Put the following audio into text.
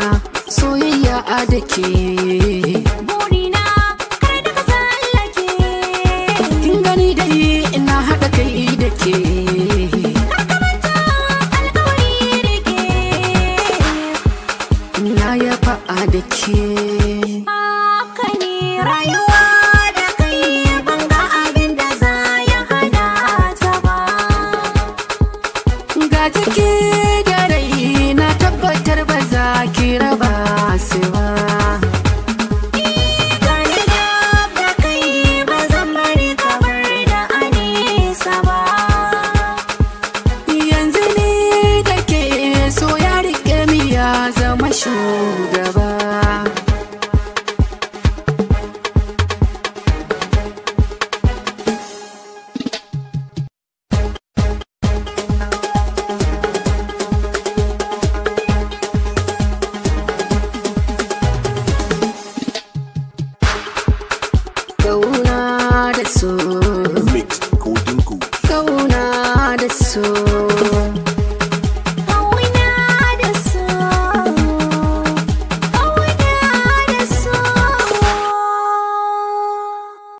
haka soyayya a da ke burina kar da ka tsallake kin gani dai ina haɗa kai da ke Na ya fa'a da ke shugaba